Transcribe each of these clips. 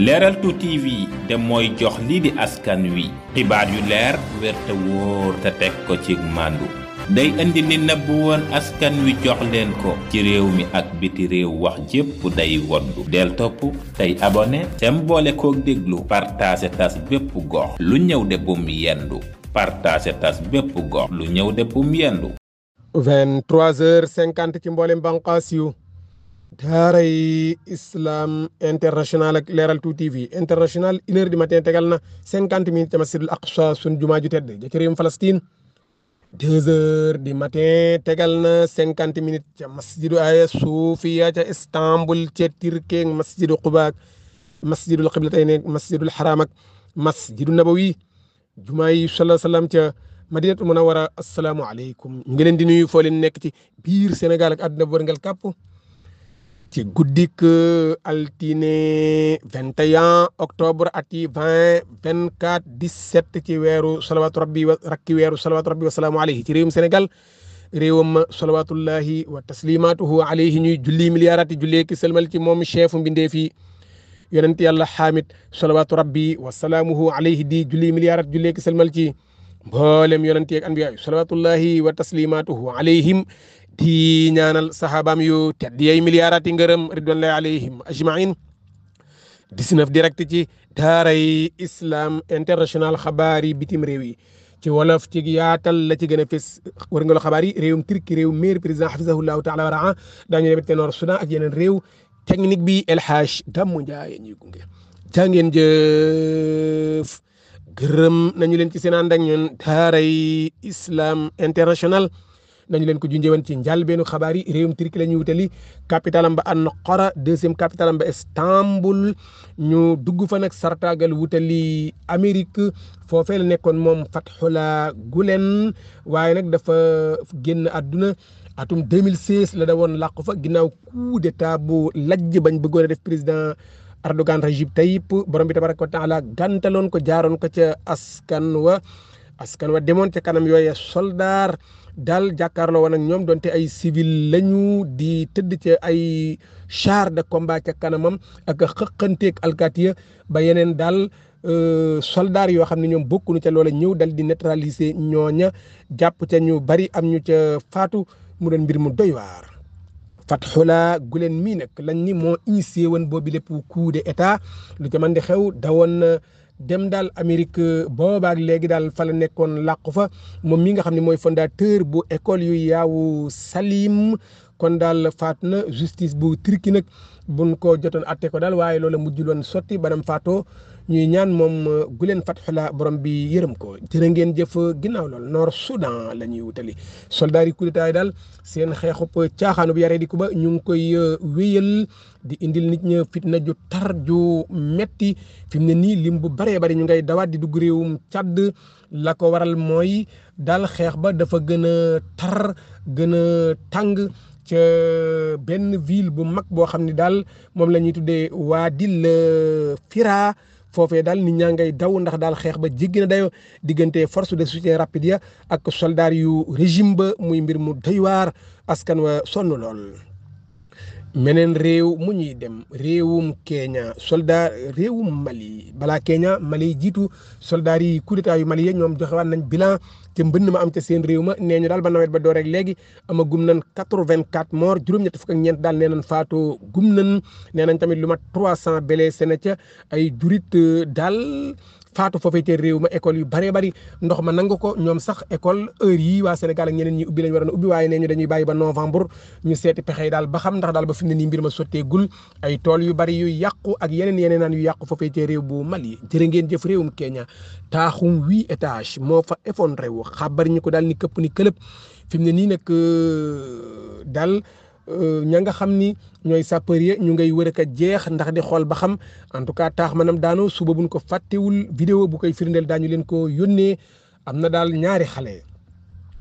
leeral tu TV te mooy jox lii di askan wi xibaar yu leer wér wóor te teg ko ci màndu day indi li nëbb woon askan wi jox leen ko ci réew mi ak biti réew wax jépp day woddu del topp tey abonné tem boole kook déglu partage tas bépp gox lu ñëw de bum yendu partage tas bépp gox lu ñëw de bum yendu ci mboolem banqaas daaray islam international ak leeral tout TV international une heure du matin tegal na cinquante minutes ca masjidul aqsa sun jumaa ju tedd ja ci réewum Palestine deux heures du matin tegal na cinquante minutes ca masjidu aya suufiya ca Istanbul ca Turquie masjidu Quba ak masjidul qiblatayni ak masjidul haram ak masjidu nabawi jumaa yi sala salaam ca madinatul munawara asalaamualeykum ñu ngi leen di nuyu foo leen nekk ci biir Sénégal ak àdduna bu wërngal kàpp ci guddik altine 21 octobre ati 20 24 17 ci weeru salawaatu rabbi wa rakki weeru salawaatu rabbi wa salaamu alayhi ci réewum Sénégal réewam salawaatullahi wa taslimatuhu alayhi ñuy julli miliyaaraati jullee ki sëlmal ci moom chefu mbindeef yi yonent yàlla xaamit salawaatu rabbi wa salaamuhu alayhi di julli miliyaaraati jullee ki sëlmal ci mboolem yonent yeeg anbiya salawatullahi wa taslimatuhu alayhim di ñaanal saxaabaam yu tedd yay miliyaaraati ngërëm ridwanullahi alayhim ajmain 19 direct ci daaray islam international xabaar bitim réew yi ci wolof ci yaatal la ci gën a fës war nga xabaar yi réewum Turki réewum maire président xafisahullahu taala wa raa daañu demit tenoor Soudan ak yeneen réew technique bi El Hadj Damou Ndiaye ñuy gunge jaa ngeen gërëm nañu leen ci seen ànd ak ñun daaray islam international nañu leen ko junjëwan ci njàlbeenu xabaar yi réewum Turki ñu ñuy wutali capitalam ba Ankara deuxième capitalam ba Istanbul ñu dugg fa nag sartaagal wutali Amérique foofee la nekkoon moom Fathullah Gulen waaye nag dafa génn àdduna atum 2016 la da woon làqu fa ginnaaw coup d'état bu lajj bañ bëggoon a def président Erdogan Rajib Tayyip borom bi tabaraka wa taala gàntaloon ko jaaroon ko ca askan wa askan wa demoon ca kanam yooye soldaar dal jàkkaarloo woon ak ñoom donte ay civil lañu di tëdd ca ay char de combat ca kanamam ak xëqanteeg alkaatiya ba yeneen daal euh, soldats yoo xam ne ñoom bokkuñu ca loola ñëw dal di neutraliser ñooña jàpp ca ñu bari am ñu ca faatu mu doon mbir mu doy waar. Fatxulaa gulen mii nag lañ ni moo initié woon boobu lépp coup d'état lu ca mën di xew dawoon euh, dem daal Amérique euh, boobaak léegi daal fa la nekkoon làqu fa moom mi nga xam ne mooy fondateur bu école yu yaawu Salim kon daal faat na justice bu Turquie nag buñ ko jotoon atte ko daal waaye loola mujjul woon sotti banam faatoo ñuy ñaan moom guleen fatxulaa borom bi yërëm ko jërë ngeen jëf ginnaaw lool noor Soudan la ñuy wutali soldaar yi coup d'état yi daal seen xeexu caaxaanu bu yaree di ko ba ñu ngi koy euh, wéyal di indil nit ña fitna ju tar ju metti fi ne nii lim bu baree bari ñu ngay dawaat di dugg réewum càdd la ko waral mooy daal xeex ba dafa gën a tar gën a tàng benn ville bu mag boo xam ne daal moom la ñuy tuddee Waadil Fira foofee daal nit ñaa ngay daw ndax daal xeex ba jéggi na dayoo diggante force de soutien rapide ya ak soldats yu régime ba muy mbir mu doy waar askan wa sonn lool. meneen réew mu ñuy dem réewum Kenya soldat réewum Mali balaa Kenya Mali jiitu soldats yi coup d'état yu Mali ya ñoom joxewaat nañ bilan. te mbënn ma am ca seen réew ma nee ñu daal ba nawet ba door rek léegi ama gum nan quatre-vingt-quatre morts juróom-ñett fukk ak ñeent daal nee nañ faatoo gum nan nee nañ tamit lu mat trois cent blessés na ca ay jurit euh, daal faatu foofitee réew ma école yu baree bari ndox ma nangu ko ñoom sax école heure yi waa Sénégal ak ñeneen ñi ubbi lañ war a ubbi waaye nee ñu dañuy bàyyi ba novembre ñu seeti pexe daal ba xam ndax daal ba fi mu ne nii mbir ma sottee gul ay tool yu bari yu yàqu ak yeneen yeneen naan yu yàqu foofitee réew bu Mali jërë ngeen jëf réewum Kenya taaxum huit étage moo fa effondré wu xabar ñu ko daal ni këpp ni këlëb fi mu ne nii nag euh, daal Euh, ña nga xam ni ñooy sapeur yi ñu ngay wër ak a jeex ndax di xool ba xam en tout cas taax manam daanu suba buñ ko fàttewul vidéo bu koy firndeel daañu leen ko yónnee am na daal ñaari xale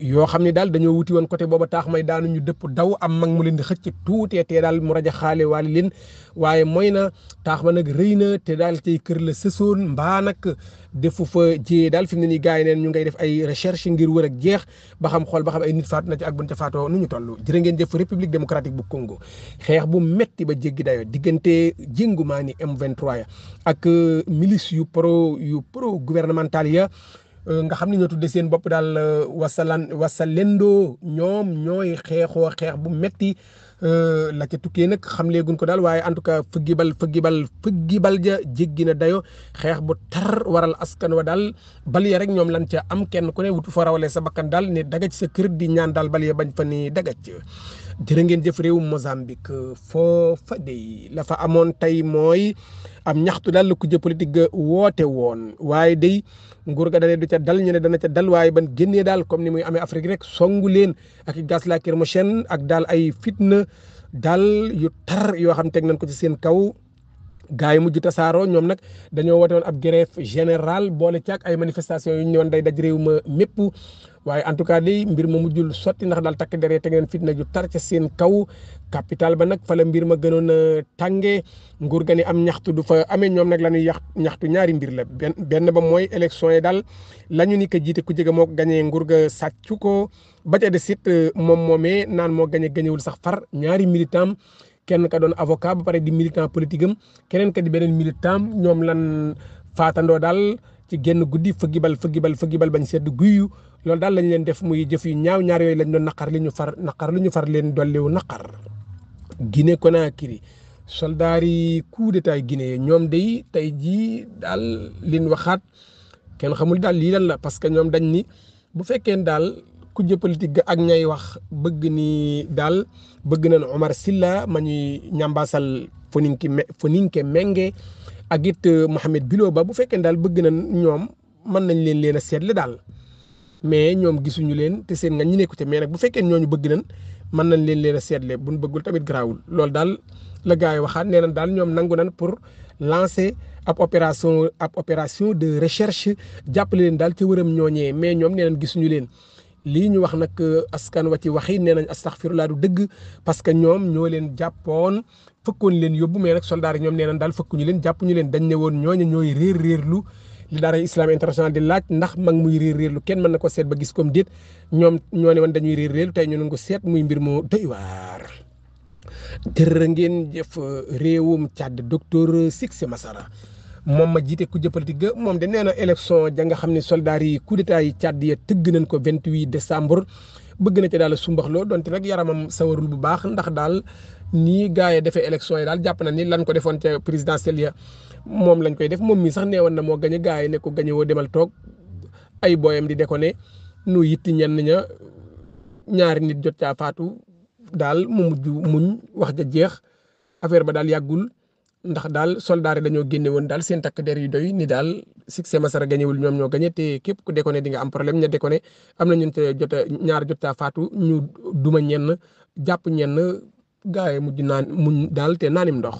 yoo xam ne daal dañoo wuti woon côté booba taax may daanu ñu dëpp daw am mag mu leen di xëcc tuutee te daal mu raja xaale waali leen waaye moy na taax ma nag rëy na te daal tey kër la sësoon mbaa nag defu fa jiyee daal fi mu ne nii gars yi neen ñu ngay def ay recherche ngir war ak jeex ba xam xool ba xam ay nit faatu na ci ak buñ faatoo nu ñu toll jërë ngeen jëf république démocratique bu Congo xeex bu metti ba jéggi dayo diggante jéngumaa ni M23 ya ak milice yu pro yu pro gouvernemental ya Euh, nga xam ne ñoo tudde seen bopp daal euh, wasalan wasalendoo ñoom ñooy xeexoo xeex bu metti euh, la ca tukkee nag xamleeguñ ko daal waaye en tout cas fëggibal fëggibal fëggibal ja jéggi na dayo xeex bu tar waral askan wa daal bal ya rek ñoom lan ca am kenn ku ne wut fa rawale sa bakkan daal ne dagaj sa kër di ñaan daal bal bañ fa ni dagaj jërë ngeen jëf réewum Mozambique foofa day la fa amoon tey mooy am ñaxtu daal la kujje politique ga woote woon waaye day nguur ga dane du ca dal ñu ne dana te dal waaye ban génnee daal comme ni muy amee Afrique rek songu leen ak gaz lacrymogène ak daal ay fitna daal yu tar yoo xam teg nañ ko ci seen kaw gaa yi mujj tasaaroo ñoom nag dañoo woote woon ab grève générale boole ci ay manifestation yu ñoo ñëwoon day daj réew ma mépp waaye en tout cas lii mbir ma mujjul sotti ndax daal takk deree te ngeen fitna ju tar ca seen kaw capital ba nag fala mbir ma gënoon a tàngee nguur ga ni am ñaxtu du fa amee ñoom nag la ñuy yax ñaxtu ñaari mbir la benn ba mooy élection yi daal la ñu ni ko jiite ku jege moo ko gañee nguur ga sàccu ko ba ca des it moom moomee naan moo gañe gañewul sax far ñaari militam kenn ka doon avoca ba pare di militant politique am keneen ka di beneen militant ñoom lan faatandoo daal ci genn guddi bal fëggibal bal bañ sedd guyyu loolu daal lañ leen def muy jëf yu ñaaw ñaar yooyu lañ doon naqar li ñu far naqar li ñu far leen dolliwu naqar Guinée Conakry soldaar yi coup d'état ñoom day tey jii daal liñ waxaat kenn xamul daal lii lan la parce que ñoom dañ ni bu fekkee daal kujje politique ga ak ñay wax bëgg ni daal bëgg nañ Omar Silla ma ñuy ñambasal Foninke Foninke Menge ak it euh, Mouhamed Bilo Ba bu fekkee daal bëgg nañ ñoom mën nañ leen leen a seetle daal mais ñoom gisuñu leen te seen nga ñu nekku te mais nag bu fekkee ñooñu bëgg nañ mën nañ leen leen a seetle buñ bëggul tamit garaawul loolu daal la gars waxaan waxaat nee nañ daal ñoom nangu nañ pour lancer ab opération ab opération de recherche jàppale leen daal ci wëram ñooñee mais ñoom nee gisuñu leen lii ñu wax nag euh, askan wa ci waxi nee nañ astaxfirullah du dëgg parce que ñoom ñoo leen jàppoon fëkkoon leen yóbbu mais nag soldaar yi ñoom nee nañ daal fëkk ñu leen jàpp ñu leen dañ ne woon ñooñu ñooy réer réerlu dara daara islam international di laaj ndax mag muy réer réerlu kenn mën na ko seet ba gis comme déet ñoom ñoo ne woon dañuy réer réerlu tey ñu ne ko seet muy mbir moo doy waar. jërë ngeen jëf euh, réewum Tchad docteur Sixé Massara moom ma jiite ku jëppalti ga moom de nee na élection ja nga xam ne soldats yi coup d'état yi Tchad ya tëgg nañ ko 28 décembre bëgg na ci daal sumbaxloo donte nag yaramam sawarul bu baax ndax daal nii gars yi defee élection yi daal jàpp na ni lan ko defoon ca présidentielle ya moom lañ koy def moom mii sax neewoon na moo gañe gars yi ne ko gañe woo demal toog ay booyam di déconné nu yitti ñenn ña ñaari nit jot caa faatu daal mu mujj muñ wax ja jeex affaire ba daal yàggul ndax daal soldaar yi dañoo génne daal seen takk der yu doy ni daal succès Masara gañewul ñoom ñoo gañe te képp ku dekone di nga am problème ña déconné am na ñun te jot ñaar jot faatu ñu duma ñenn jàpp ñenn gaa yi mujj naan muñ daal te naanim ndox.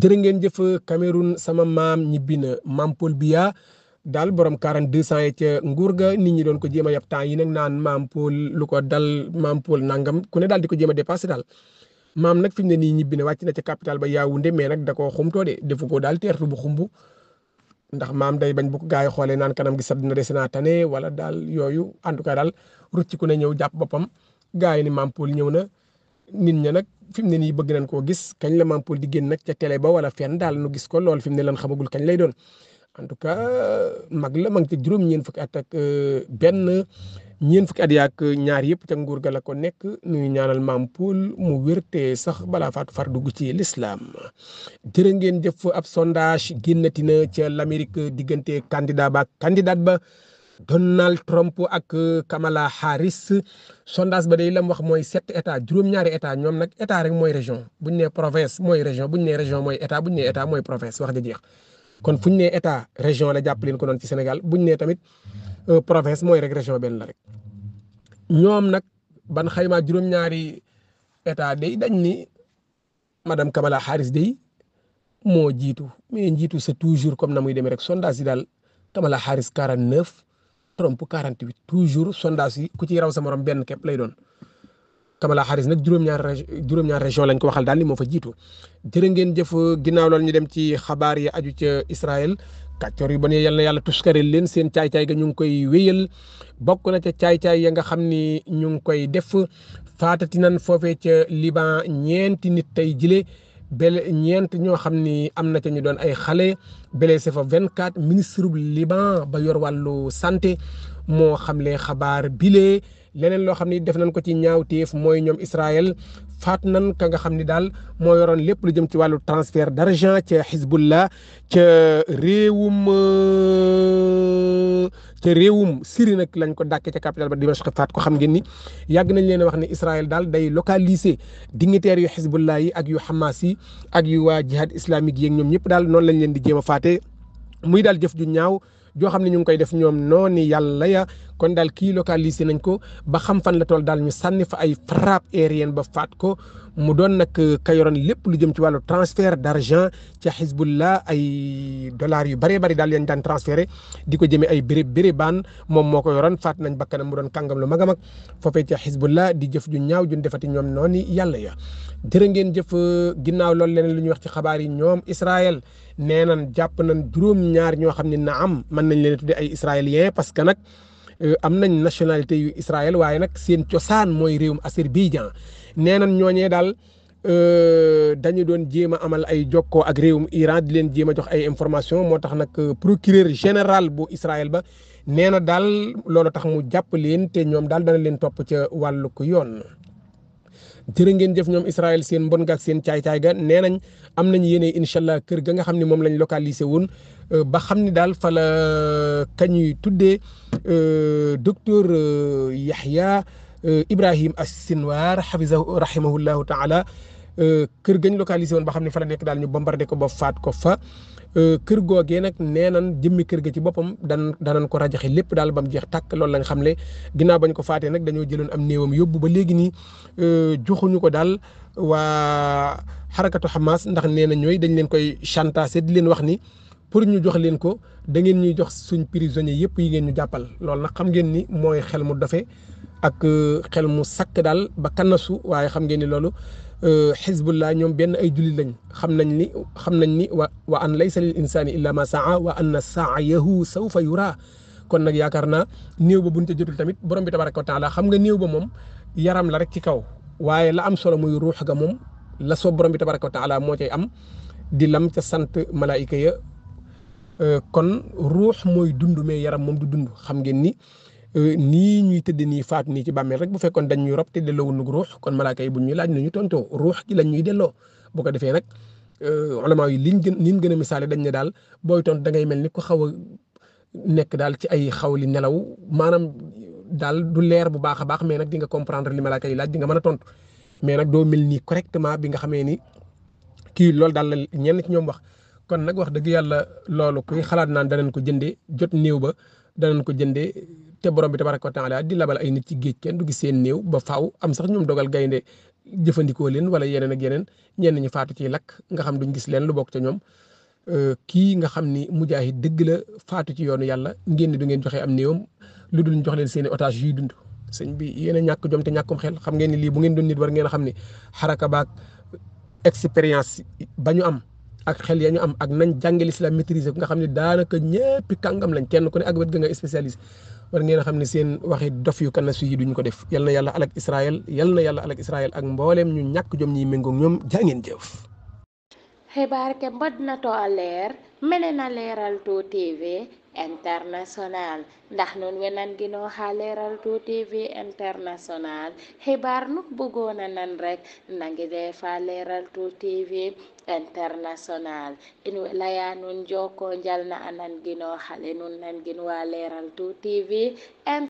jërë ngeen jëf Cameroun sama maam ñibbi na maam Paul Biya daal borom 4200 yi ca nguur ga nit ñi doon ko jéem a yab temps yi nag naan maam Paul lu ko dal maam Paul nangam ku ne daal di ko jéem a dépassé daal. maam nag fi mu ne nii ñibbi na wàcc na ca capital ba Yaoundé mais nag da koo xumtoo de defu ko daal teertu bu xumbu ndax maam day bañ bu ko gaa yi xoolee naan kanam gi sab na dese naa tane wala daal yooyu en tout cas daal rucc ku ne ñëw jàpp boppam gaa yi ni maam Paul ñëw na nit ña nag fi mu ne nii bëgg nañ koo gis kañ la maam Paul di génn nag ca tele ba wala fenn daal nu gis ko loolu fi mu ne lan xamagul kañ lay doon en tout cas mag la ma ngi ci juróom-ñeent at ak euh, benn ñeent fukki at yaak ñaar yëpp ca nguur ga la ko nekk nuy ñaanal maam Poul mu wér te sax balaa faatu far dugg ci lislaam jërë ngeen jëf ab sondage génnati na ca l'Amérique diggante candidat ba candidat ba Donald Trump ak Kamala Harris sondage ba la lam wax mooy sept état juróom-ñaari état ñoom nag état rek mooy région bu ñu nee province mooy région bu ñu nee région mooy état bu ñu état mooy province wax ja jeex kon fu ne nee état région la jàpp leen ko noon ci Sénégal bu ñu nee tamit euh, province mooy rek région benn la rek. ñoom nag ban xayma juróom-ñaari état day dañ ni madame Kamala xaaris day moo jiitu mais njiitu c'est toujours comme na muy demee rek sondage yi daal Kamala Harris 49 Trump 48 toujours sondage yi ku ci raw sa moroom benn képp lay doon Kamala Harris nag juróom-ñaar juróom-ñaar région lañ ko waxal daal ni moo fa jiitu jërë ngeen jëf ginnaaw loolu ñu dem ci xabaar yi aju ca Israël. kàccoor yi bon yee yal na yàlla tuskareel leen seen caay-caay ga ñu ngi koy wéyal bokk na ca caay-caay ya nga xam ni ñu ngi koy def faatati nan foofee ca Liban ñeenti nit tey jile bel ñeent ñoo xam ni am na ca ñu doon ay xale blessé fa 24 ministre bu Liban ba yor wàllu santé moo xamle xabaar bile. leneen loo xam ni def nañ ko ci ñaaw ñaawteef mooy ñoom Israël faat nan ka nga xam ni daal moo yoroon lépp lu jëm ci wàllu transfert d'argent ca Hezbollah ca réewum euh, ca réewum Syrie nag lañ ko dàkkee ca capitale ba Dimashq faat ko xam ngeen ni yàgg nañ leen wax ne Israël daal day localiser dignitaires yu Hezbollah yi ak yu Hamas yi ak yu waa jihad islamique yi ñoom ñëpp daal noonu lañ leen di jéem a faatee muy daal jëf ju ñaaw. joo xam ne ñu ngi koy def ñoom noonu yàlla ya kon daal kii localisé nañ ko ba xam fan la toll daal ñu sànni fa ay frappe aérienne ba faat ko mu doon nag ka yoroon lépp lu jëm ci wàllu transfert d' argent ca Hizbullah ay dollars yu bëree bëri daal leen daan transféré di ko jëme ay béréb bérébaan moom moo ko yoroon faat nañ bakkanam mu doon kàngam lu mag a mag foofee ca Hizbullah di jëf ju ñaaw ju defati ñoom noonu yàlla ya jërë ngeen jëf ginnaaw loolu leneen lu ñuy wax ci xabaar yi ñoom Israël nee nañ jàpp nañ juróom-ñaar ñoo xam ne na am mën nañ leen tuddee ay israéliens parce que nag euh, am nañ nationalité yu Israël waaye nag seen cosaan mooy réewum Azerbaïdjan nee nañ ñooñee daal euh, dañu doon jéem a amal ay jokkoo ak réewum Iran di leen jéem a jox ay information moo tax nag euh, procureur général bu Israël ba nee na daal loolu tax mu jàpp leen te ñoom daal dana leen topp ca wàllu yoon. jërë ngeen jëf ñoom Israël seen mbon ga ak seen caay-caay ga nee nañ am nañ yenee incha allah kër ga nga xam ne moom lañ localisé woon euh, ba xam ne daal fa la kañuy tuddee docteur Yahya Euh, Ibrahim As-Sinwar xafisahu rahimahullahu taala euh, kër gañ localisé woon ba xam ne fala la nekk daal ñu bombardé ko ba faat ko fa euh, kër googee nag nee nan jëmmi kër ga ci boppam dan danañ ko rajaxe lépp daal ba mu jeex tàkk loolu lañ xam le ginnaaw bañ ko faatee nag dañoo jëloon am néewam yóbbu ba léegi nii joxuñu ko daal waa xarakatu Hamas ndax nee na ñooy dañ leen koy chantage di leen wax ni pour ñu jox leen ko da ngeen ñuy jox suñ prisonniers yëpp yi ngeen ñu jàppal loolu nag xam ngeen ni mooy xel mu dafee ak euh, xel mu sakk daal ba kanasu waaye xam ngeen ni loolu xizbullah euh, ñoom benn ay jullit lañ xam nañ ni xam nañ ni wa wa an laysa lil insaani illa ma saa wa anna saayahu fa yura kon nag yaakaar naa néew ba buñ te jotul tamit borom bi tabaraka wa taala xam nga néew ba moom yaram la rek ci kaw waaye la am solo muy ruux ga moom la soo borom bi ta tabaraka wa taala moo cay am di lam ca sant malaayika ya euh, kon ruux mooy dund mais yaram moom du dund xam ngeen ni Euh, nii ñuy tëdd nii faatu nii ci bàmmeel rek bu fekkoon dañ ñuy rob te delloo wuñu ruux kon malaaka yi bu ñu laaj nañu tontoo ruux gi lañ ñuy delloo bu ko defee nag euh, ulama yi liñ gën liñ gën a misaale dañ ne daal booy tont da mel ni ku xaw a nekk daal ci ay xaw li nelaw maanaam daal du leer bu baax a baax mais nag di nga comprendre li malaaka yi laaj di nga mën a tont mais nag doo mel nii correctement bi nga xamee ni kii loolu daal la ñenn ci ñoom wax kon nag wax dëgg yàlla loolu kuy xalaat naan danañ ko jëndee jot néew ba danañ ko jëndee te borom bi tabaraka a taala di labal ay nit ci géej kenn du gis seen néew ba faaw am sax ñoom dogal gaynde jëfandikoo leen wala yeneen ak yeneen ñenn ñi faatu ci lakk nga xam duñ gis leen lu bokk ca ñoom euh, kii nga xam ni mujaahid dëgg la faatu ci yoonu yàlla ngeen ni du ngeen joxe am néewam lu dul jox leen seen i otage yuy dund sëñ bi yenee a ñàkk jom te ñàkkum xel xam ngeen ni lii bu ngeen doon nit war ngeen a xam ni xaraka baak expérience ba ñu am ak xel ya ñu am ak nañ jànge l'islam maîtriser ko nga xam ne daanaka ñëpp kàngam lañ kenn ku ne ak wet nga spécialiste war ngeen a xam ne seen waxi dof yu kana su ko def yal na yàlla alak Israël yal na yàlla alak Israël ak mbooleem ñu ñàkk jom ñiy méngoog ñoom jàngeen jëf xibaar ke mbod na to a leer mene na leeral to tv international xa leeral to tv international xibaar nu bëggoona nan rek nangi defa leeral to tv international in way laya nuun joko njal na a nan gino xale nuun nan gin wa leeral tout tv